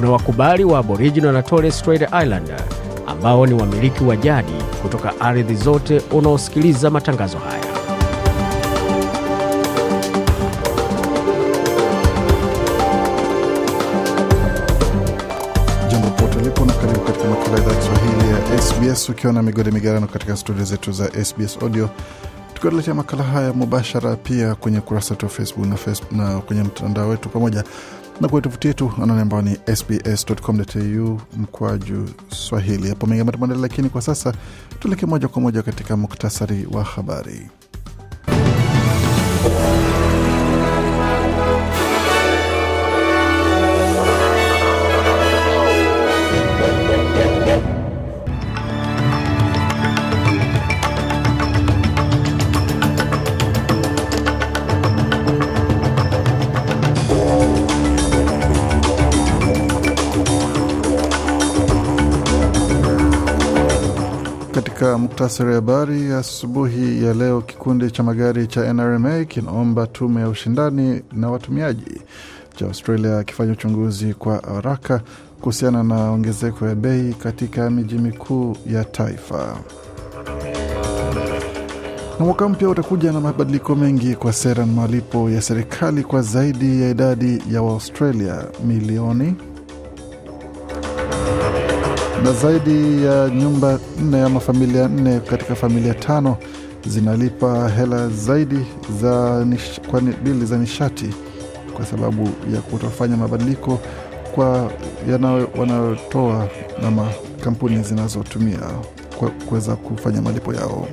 kuna wakubali wa Aboriginal na Torres Strait Islander ambao ni wamiliki wa jadi kutoka ardhi zote unaosikiliza matangazo haya. SBS ukiwa na migodi migarano katika studio zetu za SBS Audio tukiwaletea makala haya mubashara pia kwenye kurasa wetu wa Facebook na, Facebook, na kwenye mtandao wetu pamoja na kwenye tovuti yetu anaone ambao ni sbs.com.au mkwaju Swahili. Hapo mengi ambayo lakini kwa sasa tuelekee moja kwa moja katika muktasari wa habari. Muktasari habari asubuhi ya, ya leo. Kikundi cha magari cha NRMA kinaomba tume ya ushindani na watumiaji cha Australia akifanya uchunguzi kwa haraka kuhusiana na ongezeko ya bei katika miji mikuu ya taifa. Na mwaka mpya utakuja na mabadiliko mengi kwa sera na malipo ya serikali kwa zaidi ya idadi ya Waaustralia milioni na zaidi ya nyumba nne ama familia nne katika familia tano zinalipa hela zaidi za nish, kwa bili za nishati kwa sababu ya kutofanya mabadiliko kwa wanayotoa na makampuni zinazotumia kuweza kufanya malipo yao.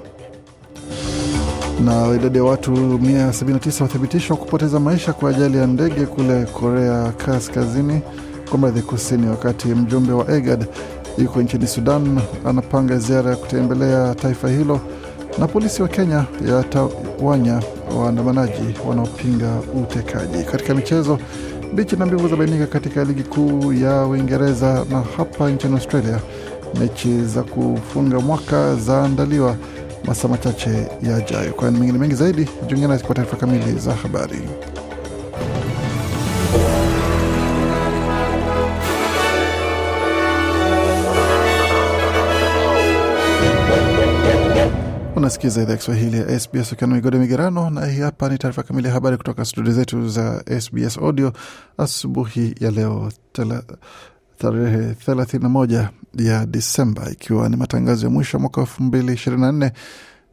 Na idadi ya watu 179 wathibitishwa kupoteza maisha kwa ajali ya ndege kule Korea Kaskazini, kwa mradhi kusini, wakati mjumbe wa EGAD yuko nchini Sudan, anapanga ziara ya kutembelea taifa hilo, na polisi wa Kenya yatawanya waandamanaji wanaopinga utekaji. Katika michezo, bichi na mbivu zabainika katika ligi kuu ya Uingereza na hapa nchini Australia, mechi za kufunga mwaka zaandaliwa masaa machache yajayo. Kwa mengine mengi zaidi, jiunge kwa taarifa kamili za habari. Unasikiza idhaa Kiswahili ya SBS ukiwa na migode migerano, na hii hapa ni taarifa kamili ya habari kutoka studio zetu za SBS Audio asubuhi ya leo tarehe 31 ya Disemba, ikiwa ni matangazo ya mwisho ya mwaka elfu mbili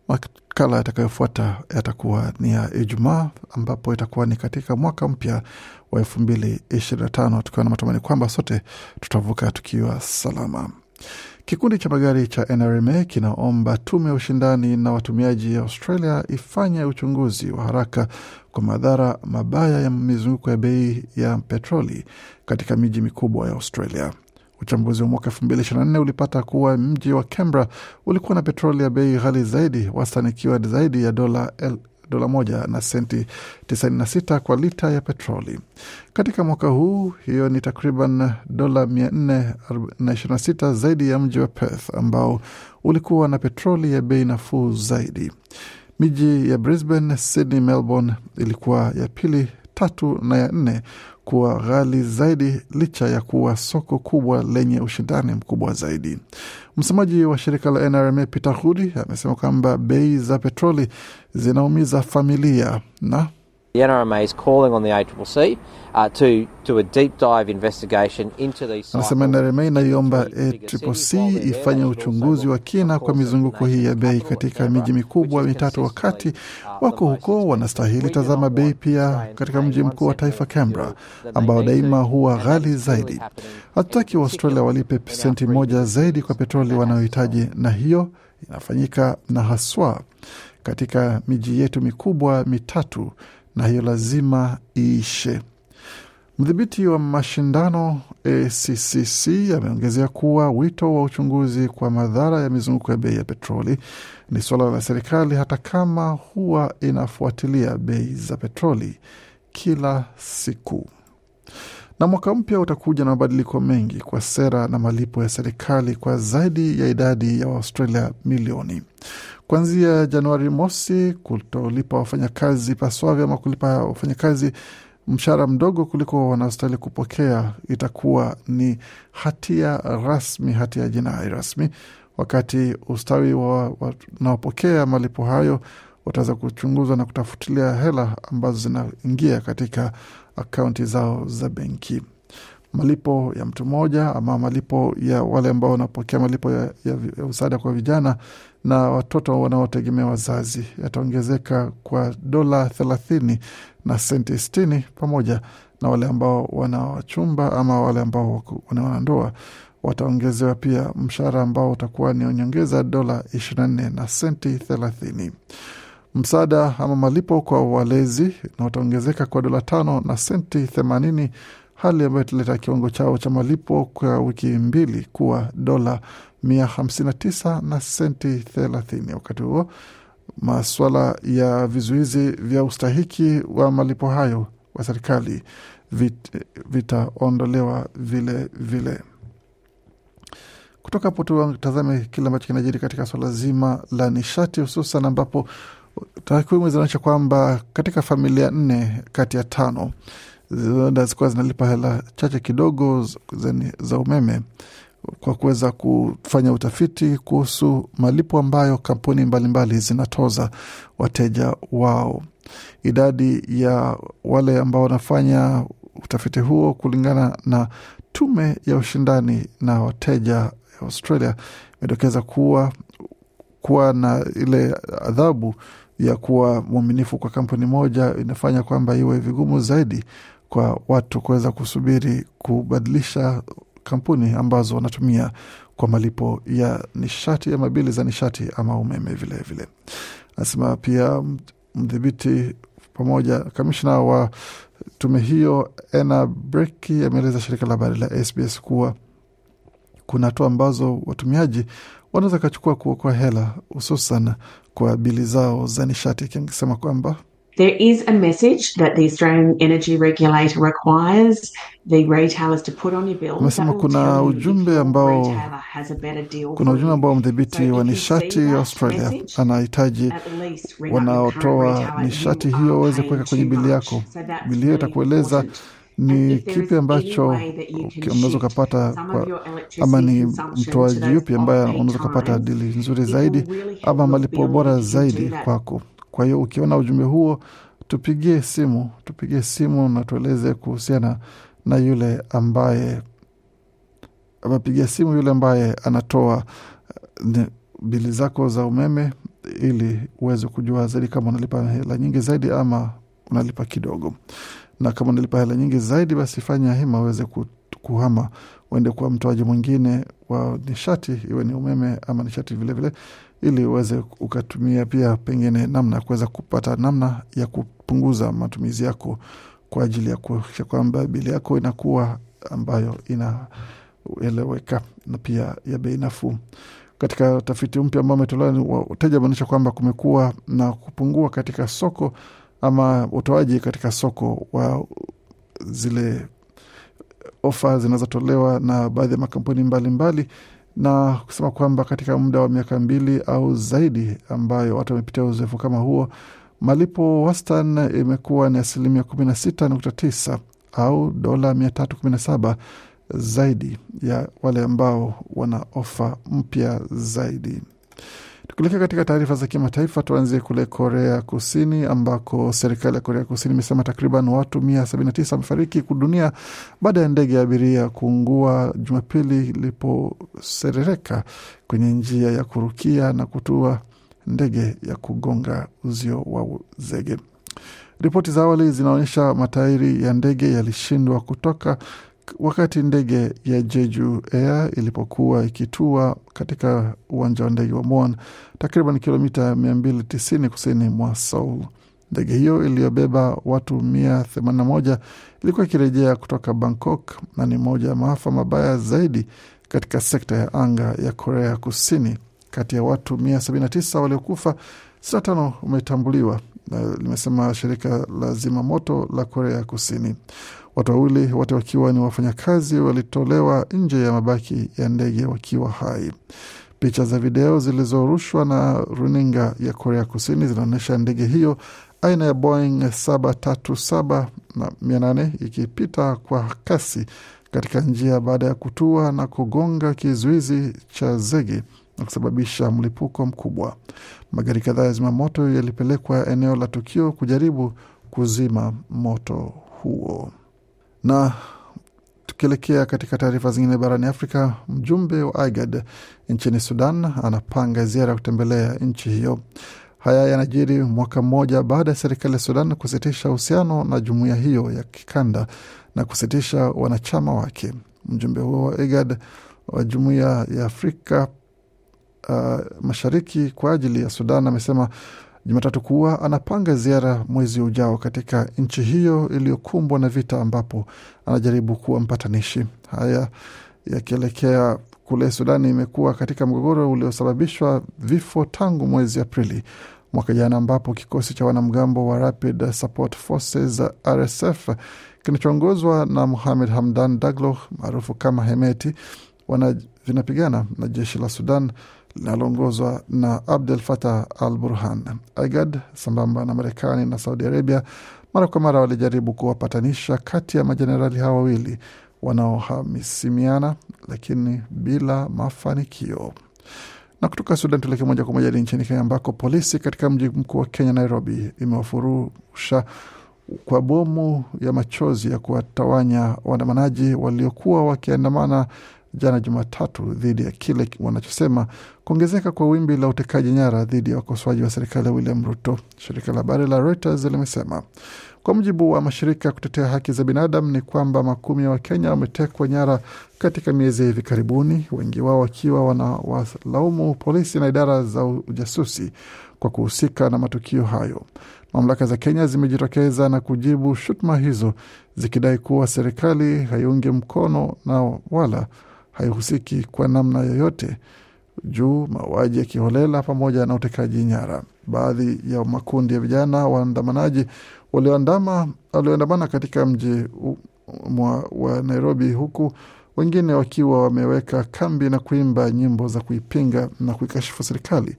Makala yatakayofuata yatakuwa ni ya Ijumaa, ambapo itakuwa ni katika mwaka mpya wa elfu mbili ishirini na tano, tukiwa na matumaini kwamba sote tutavuka tukiwa salama. Kikundi cha magari cha NRMA kinaomba tume ya ushindani na watumiaji ya Australia ifanye uchunguzi wa haraka kwa madhara mabaya ya mizunguko ya bei ya petroli katika miji mikubwa ya Australia. Uchambuzi wa mwaka 224 ulipata kuwa mji wa Canberra ulikuwa na petroli ya bei ghali zaidi, wastani ikiwa zaidi ya dola dola moja na senti 96 kwa lita ya petroli katika mwaka huu. Hiyo ni takriban dola 426 zaidi ya mji wa Perth ambao ulikuwa na petroli ya bei nafuu zaidi. Miji ya Brisbane, Sydney, Melbourne ilikuwa ya pili, tatu na ya nne kuwa ghali zaidi licha ya kuwa soko kubwa lenye ushindani mkubwa zaidi. Msemaji wa shirika la NRMA Peter Hudi amesema kwamba bei za petroli zinaumiza familia na The NRMA is calling on the ACCC uh, to to a deep dive investigation into these. Anasema NRMA inaiomba ACCC ifanye uchunguzi wa kina kwa mizunguko hii ya bei katika miji mikubwa mitatu. Wakati wako huko, wanastahili tazama bei pia katika mji mkuu wa taifa Canberra, ambao daima huwa ghali zaidi. Hatutaki Waustralia walipe senti moja zaidi kwa petroli wanayohitaji, na hiyo inafanyika na haswa katika miji yetu mikubwa mitatu na hiyo lazima iishe. Mdhibiti wa mashindano ACCC ameongezea kuwa wito wa uchunguzi kwa madhara ya mizunguko ya bei ya petroli ni suala la serikali, hata kama huwa inafuatilia bei za petroli kila siku. Na mwaka mpya utakuja na mabadiliko mengi kwa sera na malipo ya serikali kwa zaidi ya idadi ya Waustralia milioni. Kuanzia Januari mosi, kutolipa wafanyakazi ipaswavyo ama kulipa wafanyakazi mshahara mdogo kuliko wanaostahili kupokea itakuwa ni hatia rasmi, hatia ya jinai rasmi, wakati ustawi wanaopokea wa, malipo hayo wataweza kuchunguzwa na kutafutilia hela ambazo zinaingia katika akaunti zao za benki. Malipo ya mtu mmoja ama malipo ya wale ambao wanapokea malipo ya, ya kwa vijana na watoto wanaotegemea wazazi yataongezeka kwa dola thelathini na senti sitini pamoja na wale ambao wanawachumba ama wale ambao wanawanandoa wataongezewa pia mshahara ambao utakuwa ni onyongeza dola ishirini na nne na senti thelathini. Msaada ama malipo kwa walezi na wataongezeka kwa dola tano na senti themanini, hali ambayo italeta kiwango chao cha malipo kwa wiki mbili kuwa dola mia hamsini na tisa na senti thelathini. Wakati huo maswala ya vizuizi vya ustahiki wa malipo hayo wa serikali vitaondolewa vile vile. Kutoka hapo kile ambacho kinajiri katika swala zima la nishati, hususan ambapo Takwimu zinaonyesha kwamba katika familia nne kati ya tano zinaenda zikuwa zinalipa hela chache kidogo za umeme kwa kuweza kufanya utafiti kuhusu malipo ambayo kampuni mbalimbali mbali zinatoza wateja wao. Idadi ya wale ambao wanafanya utafiti huo kulingana na tume ya ushindani na wateja Australia imedokeza kuwa kuwa na ile adhabu ya kuwa mwaminifu kwa kampuni moja inafanya kwamba iwe vigumu zaidi kwa watu kuweza kusubiri kubadilisha kampuni ambazo wanatumia kwa malipo ya nishati ama bili za nishati ama umeme vilevile. Anasema pia mdhibiti pamoja kamishna wa tume hiyo Ena Breki ameeleza shirika la habari la SBS kuwa kuna hatua ambazo watumiaji wanaweza kachukua kuokoa hela hususan kwa bili zao za nishati, akisema kwamba There is a message that the Australian Energy Regulator requires the retailers to put on your bill. Amesema kuna ujumbe ambao kuna ujumbe ambao mdhibiti wa nishati ya Australia anahitaji wanaotoa nishati hiyo waweze kuweka kwenye bili yako. bili hiyo itakueleza ni kipi ambacho unaweza ukapata, ama ni mtoaji yupi ambaye unaweza ukapata dili nzuri zaidi ama malipo bora zaidi kwako. Kwa hiyo ukiona ujumbe huo, tupigie simu, tupigie simu na tueleze kuhusiana na yule ambaye amepigia simu, yule ambaye anatoa eh, bili zako za umeme, ili uweze kujua zaidi kama unalipa hela nyingi zaidi ama unalipa kidogo na kama unalipa hela nyingi zaidi, basi fanya hima uweze kuhama uende kuwa mtoaji mwingine wa nishati, iwe ni umeme ama nishati vilevile vile, ili uweze ukatumia pia pengine namna ya kuweza kupata namna ya kupunguza matumizi yako kwa ajili ya kuakisha kwamba bili yako inakuwa ambayo inaeleweka na pia ya bei nafuu. Katika tafiti mpya ambao ametolewa, wateja wameonyesha kwamba kumekuwa na kupungua katika soko ama utoaji katika soko wa zile ofa zinazotolewa na baadhi ya makampuni mbalimbali mbali, na kusema kwamba katika muda wa miaka mbili au zaidi ambayo watu wamepitia uzoefu kama huo, malipo wastan imekuwa ni asilimia kumi na sita nukta tisa au dola mia tatu kumi na saba zaidi ya wale ambao wana ofa mpya zaidi. Tukilekea katika taarifa za kimataifa, tuanzie kule Korea Kusini ambako serikali ya Korea Kusini imesema takriban watu 179 wamefariki dunia baada ya ndege ya abiria kuungua Jumapili iliposerereka kwenye njia ya kurukia na kutua ndege ya kugonga uzio wa zege. Ripoti za awali zinaonyesha matairi ya ndege yalishindwa kutoka wakati ndege ya Jeju Air ilipokuwa ikitua katika uwanja wa ndege wa Muan takriban kilomita 290 kusini mwa Seoul. Ndege hiyo iliyobeba watu 181 ilikuwa ikirejea kutoka Bangkok na ni moja ya maafa mabaya zaidi katika sekta ya anga ya Korea Kusini. Kati ya watu 179 waliokufa, 65 umetambuliwa, limesema shirika la zimamoto la Korea Kusini. Watu wawili wote wakiwa ni wafanyakazi walitolewa nje ya mabaki ya ndege wakiwa hai. Picha za video zilizorushwa na runinga ya Korea Kusini zinaonyesha ndege hiyo aina ya Boeing 737 800 ikipita kwa kasi katika njia baada ya kutua na kugonga kizuizi cha zege na kusababisha mlipuko mkubwa. Magari kadhaa ya zimamoto yalipelekwa eneo la tukio kujaribu kuzima moto huo. Na tukielekea katika taarifa zingine barani Afrika, mjumbe wa IGAD nchini Sudan anapanga ziara ya kutembelea nchi hiyo. Haya yanajiri mwaka mmoja baada ya serikali ya Sudan kusitisha uhusiano na jumuiya hiyo ya kikanda na kusitisha wanachama wake. Mjumbe huo wa IGAD wa jumuiya ya Afrika uh, Mashariki kwa ajili ya Sudan amesema Jumatatu kuwa anapanga ziara mwezi ujao katika nchi hiyo iliyokumbwa na vita, ambapo anajaribu kuwa mpatanishi. Haya yakielekea kule Sudani imekuwa katika mgogoro uliosababishwa vifo tangu mwezi Aprili mwaka jana, ambapo kikosi cha wanamgambo wa Rapid Support Forces RSF kinachoongozwa na muhamed Hamdan Daglo maarufu kama Hemeti vinapigana na jeshi la Sudan linaloongozwa na Abdel Fattah al Burhan. IGAD sambamba na Marekani na Saudi Arabia mara kwa mara walijaribu kuwapatanisha kati ya majenerali haa wawili wanaohamisimiana lakini bila mafanikio. Na kutoka Sudan tuleke moja kwa moja hadi nchini Kenya ambako polisi katika mji mkuu wa Kenya, Nairobi, imewafurusha kwa bomu ya machozi ya kuwatawanya waandamanaji waliokuwa wakiandamana jana Jumatatu dhidi ya kile wanachosema kuongezeka kwa wimbi la utekaji nyara dhidi ya wakosoaji wa serikali ya William Ruto, shirika la habari la Reuters limesema. Kwa mujibu wa mashirika ya kutetea haki za binadamu ni kwamba makumi ya Wakenya wametekwa nyara katika miezi ya hivi karibuni, wengi wao wakiwa wanawalaumu polisi na idara za ujasusi kwa kuhusika na matukio hayo. Mamlaka za Kenya zimejitokeza na kujibu shutuma hizo zikidai kuwa serikali haiungi mkono na wala haihusiki kwa namna yoyote juu mauaji ya kiholela pamoja na utekaji nyara. Baadhi ya makundi ya vijana waandamanaji walioandamana katika mji mwa wa Nairobi, huku wengine wakiwa wameweka kambi na kuimba nyimbo za kuipinga na kuikashifu serikali.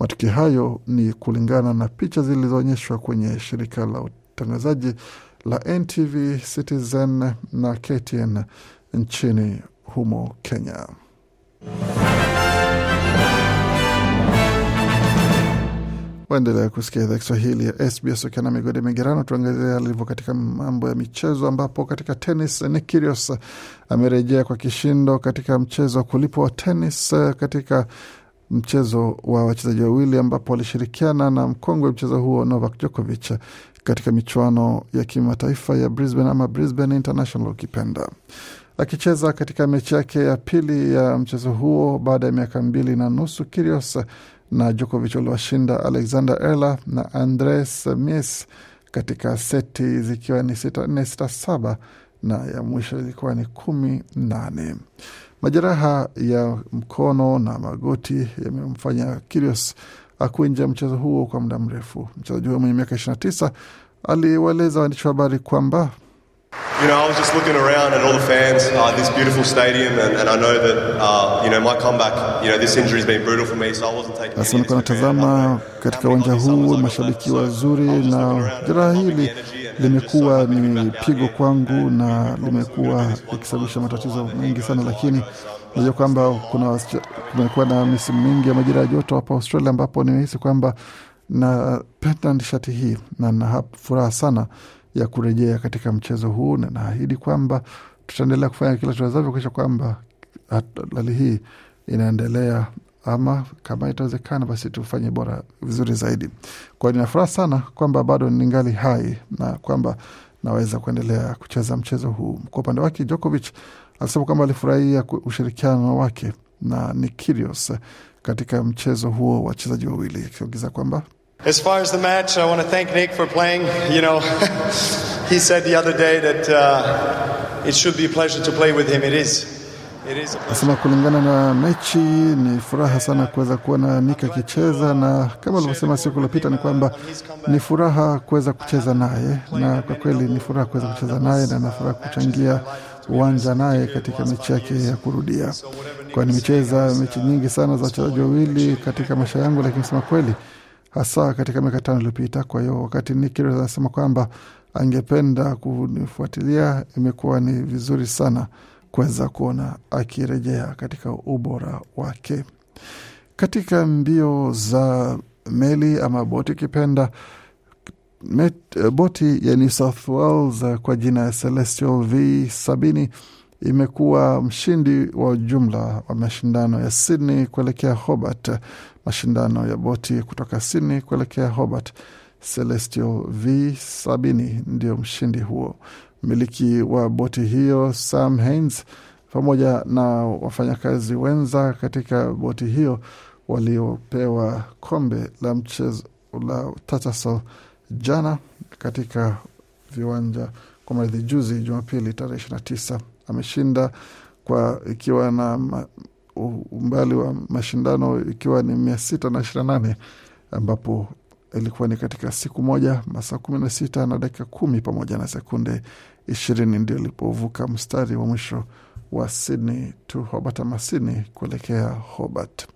Matukio hayo ni kulingana na picha zilizoonyeshwa kwenye shirika la utangazaji la NTV, Citizen na KTN nchini humo Kenya. Waendelea kusikia idhaa Kiswahili ya SBS ukiwa na migodi migerano. Tuangazia alivyo katika mambo ya michezo, ambapo katika tenis Nick Kyrgios amerejea kwa kishindo katika mchezo wa kulipwa wa tenis eh, katika mchezo wa wachezaji wawili ambapo walishirikiana na mkongwe mchezo huo Novak Djokovic katika michuano ya kimataifa ya Brisbane ama Brisbane International ukipenda. Akicheza katika mechi yake ya pili ya mchezo huo baada ya miaka mbili na nusu, Kyrgios na Djokovic waliwashinda Alexander Erla na Andres Mies katika seti zikiwa ni sita nne sita saba na ya mwisho ilikuwa ni kumi nane. Majeraha ya mkono na magoti yamemfanya Kyrgios akuinja mchezo huo kwa muda mrefu. Mchezaji huyo mwenye miaka 29 aliwaeleza waandishi wa habari kwamba You know, I was just looking around at all the fans, uh, this beautiful stadium, and, and I know that, uh, you know, my comeback, you know, this injury has been brutal for me, so I wasn't taking Basi nilikuwa natazama katika uwanja huu mashabiki wazuri, na jeraha hili limekuwa ni pigo kwangu na limekuwa ikisababisha matatizo mengi sana, lakini najua kwamba kuna kumekuwa na misimu mingi ya majira ya joto hapa Australia, ambapo nimehisi kwamba napenda nishati hii na na furaha sana ya kurejea katika mchezo huu, na naahidi kwamba tutaendelea kufanya kila tuwezavyo kuisha kwamba hali hii inaendelea, ama kama itawezekana, basi tufanye bora vizuri zaidi. Kwa hiyo nina furaha sana kwamba bado ningali hai na kwamba naweza kuendelea kucheza mchezo huu. Kwa upande wake, Djokovic alisema kwamba alifurahia ushirikiano wake na Nikirios katika mchezo huo wachezaji wawili, akiongeza kwamba As far as the match, I want to thank Nick for playing. You know, he said the other day that uh, it should be a pleasure to play with him. It is. Anasema kulingana na mechi ni furaha sana kuweza kuona Nick akicheza, na kama alivyosema siku iliyopita ni kwamba ni furaha kuweza kucheza naye, na kwa kweli ni furaha kuweza kucheza naye na nafuraha kuchangia uwanja naye katika mechi yake ya kurudia, kwa nimecheza mechi nyingi sana za wachezaji wawili katika maisha yangu, lakini sema kweli hasa katika miaka tano iliyopita. Kwa hiyo wakati Nikki anasema kwamba angependa kunifuatilia, imekuwa ni vizuri sana kuweza kuona akirejea katika ubora wake. Katika mbio za meli ama boti ukipenda eh, boti ya New South Wales eh, kwa jina ya Celestial V sabini imekuwa mshindi wa jumla wa mashindano ya Sydney kuelekea Hobart, mashindano ya boti kutoka Sydney kuelekea Hobart. Celestial v sabini ndio mshindi huo. Mmiliki wa boti hiyo Sam Haines pamoja na wafanyakazi wenza katika boti hiyo waliopewa kombe la mchezo la tataso jana katika viwanja kwa mradhi juzi Jumapili tarehe tisa ameshinda kwa ikiwa na umbali wa mashindano ikiwa ni mia sita na ishirini na nane ambapo ilikuwa ni katika siku moja masaa kumi na sita na dakika kumi pamoja na sekunde ishirini ndio ilipovuka mstari wa mwisho wa Sydney to Hobart ama Sydney kuelekea Hobart.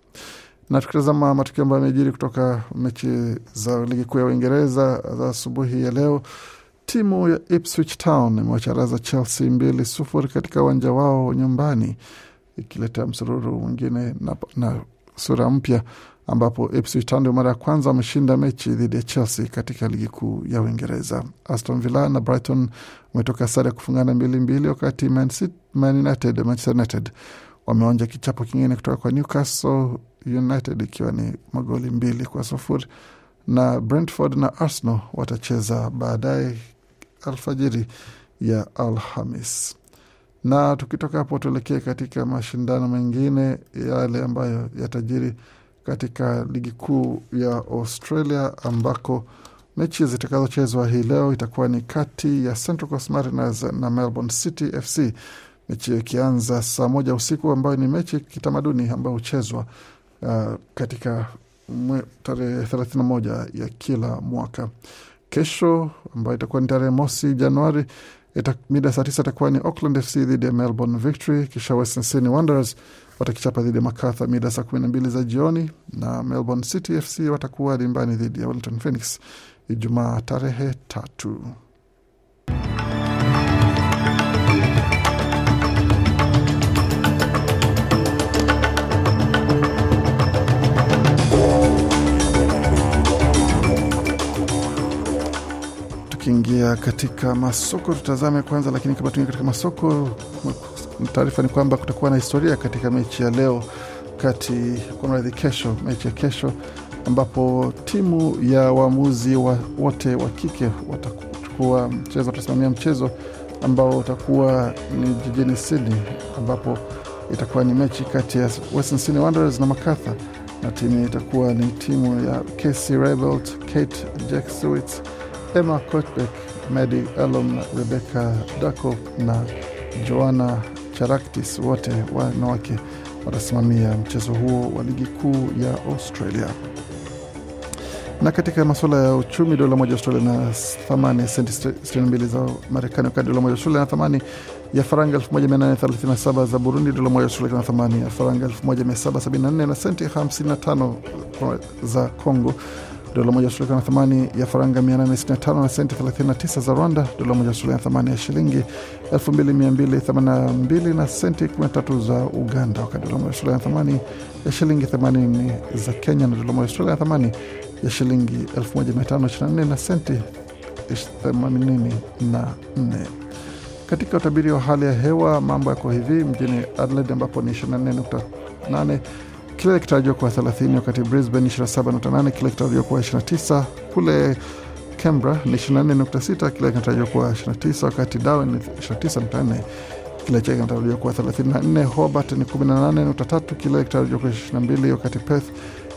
Na tukitazama matukio ambayo yamejiri kutoka mechi za ligi kuu ya Uingereza za asubuhi ya leo Timu ya Ipswich Town imewacharaza Chelsea mbili sufuri katika uwanja wao nyumbani, ikileta msururu mwingine na, na sura mpya ambapo Ipswich Town ndio mara ya kwanza wameshinda mechi dhidi ya Chelsea katika ligi kuu ya Uingereza. Aston Villa na Brighton wametoka sare ya kufungana mbili mbili, wakati Man United, Manchester United wameonja kichapo kingine kutoka kwa Newcastle United ikiwa ni magoli mbili kwa sufuri na Brentford na Arsenal watacheza baadaye alfajiri ya Alhamis. Na tukitoka hapo, tuelekee katika mashindano mengine yale ambayo yatajiri katika ligi kuu ya Australia ambako mechi zitakazochezwa hii leo itakuwa ni kati ya Central Coast Mariners na Melbourne City FC, mechi hiyo ikianza saa moja usiku, ambayo ni mechi kitamaduni ambayo huchezwa uh, katika tarehe 31 ya kila mwaka. Kesho ambayo itakuwa ni tarehe mosi Januari mida saa tisa itakuwa ni Auckland FC dhidi ya Melbourne Victory, kisha Western Sydney Wanderers watakichapa dhidi ya Macarthur mida saa kumi na mbili za jioni, na Melbourne City FC watakuwa dimbani dhidi ya Wellington Phoenix Ijumaa tarehe tatu. katika masoko tutazame kwanza, lakini kabla tuingie katika masoko, taarifa ni kwamba kutakuwa na historia katika mechi ya leo kati kunradhi, kesho, mechi ya kesho ambapo timu ya waamuzi wa, wote wa kike watachukua mchezo, watasimamia mchezo ambao utakuwa ni jijini Sydney, ambapo itakuwa ni mechi kati ya Western Sydney Wanderers na Macarthur, na timu itakuwa ni timu ya KC Rebelt, Kate Jack Stewart Emma Kotbek, Medi Alom, Rebecca Dako na joanna Charaktis, wote wanawake watasimamia mchezo huo wa ligi kuu ya Australia. Na katika masuala ya uchumi, dola moja Australia na thamani ya senti 62 za Marekani, wakati dola moja Australia na thamani ya faranga 1837 za Burundi, dola moja Australia na thamani ya faranga 1774 na senti 55 za Congo dola moja Australia na thamani ya faranga 865 na senti 39 za Rwanda, dola moja Australia na thamani ya shilingi 2282 na senti 13 za Uganda, wakati dola moja Australia na thamani ya shilingi 80 za Kenya na dola moja Australia na thamani ya shilingi 1524 na senti 84. Katika utabiri wa hali ya hewa mambo yako hivi mjini Adelaide ambapo ni 24.8 kile kitarajiwa kuwa 30 wakati Brisbane 27.8, kile kitarajiwa kuwa 29 kule Canberra ni 24.6, kile kinatarajiwa kuwa 29, wakati Darwin ni 29.4, kile chake kinatarajiwa kuwa 34, Hobart ni 18.3, kile kitarajiwa kuwa 22, wakati Perth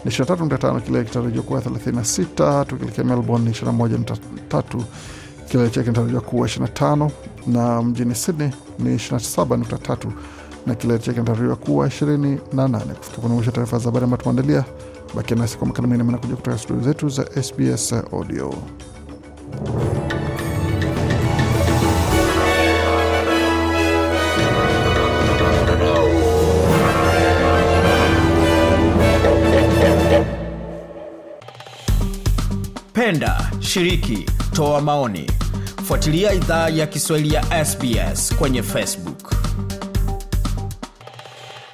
ni 23.5, kile kitarajiwa kuwa 36, tukielekea Melbourne ni 21.3, kile chake kinatarajiwa kuwa 25, na mjini Sydney ni 27.3 na kilele chake kinatarajiwa kuwa 28 kufika kunamusha taarifa za habari ambayo tumeandalia. Bakia nasi kwa makala mengine manakuja kutoka studio zetu za SBS Audio. Penda, shiriki, toa maoni, fuatilia idhaa ya Kiswahili ya SBS kwenye Facebook.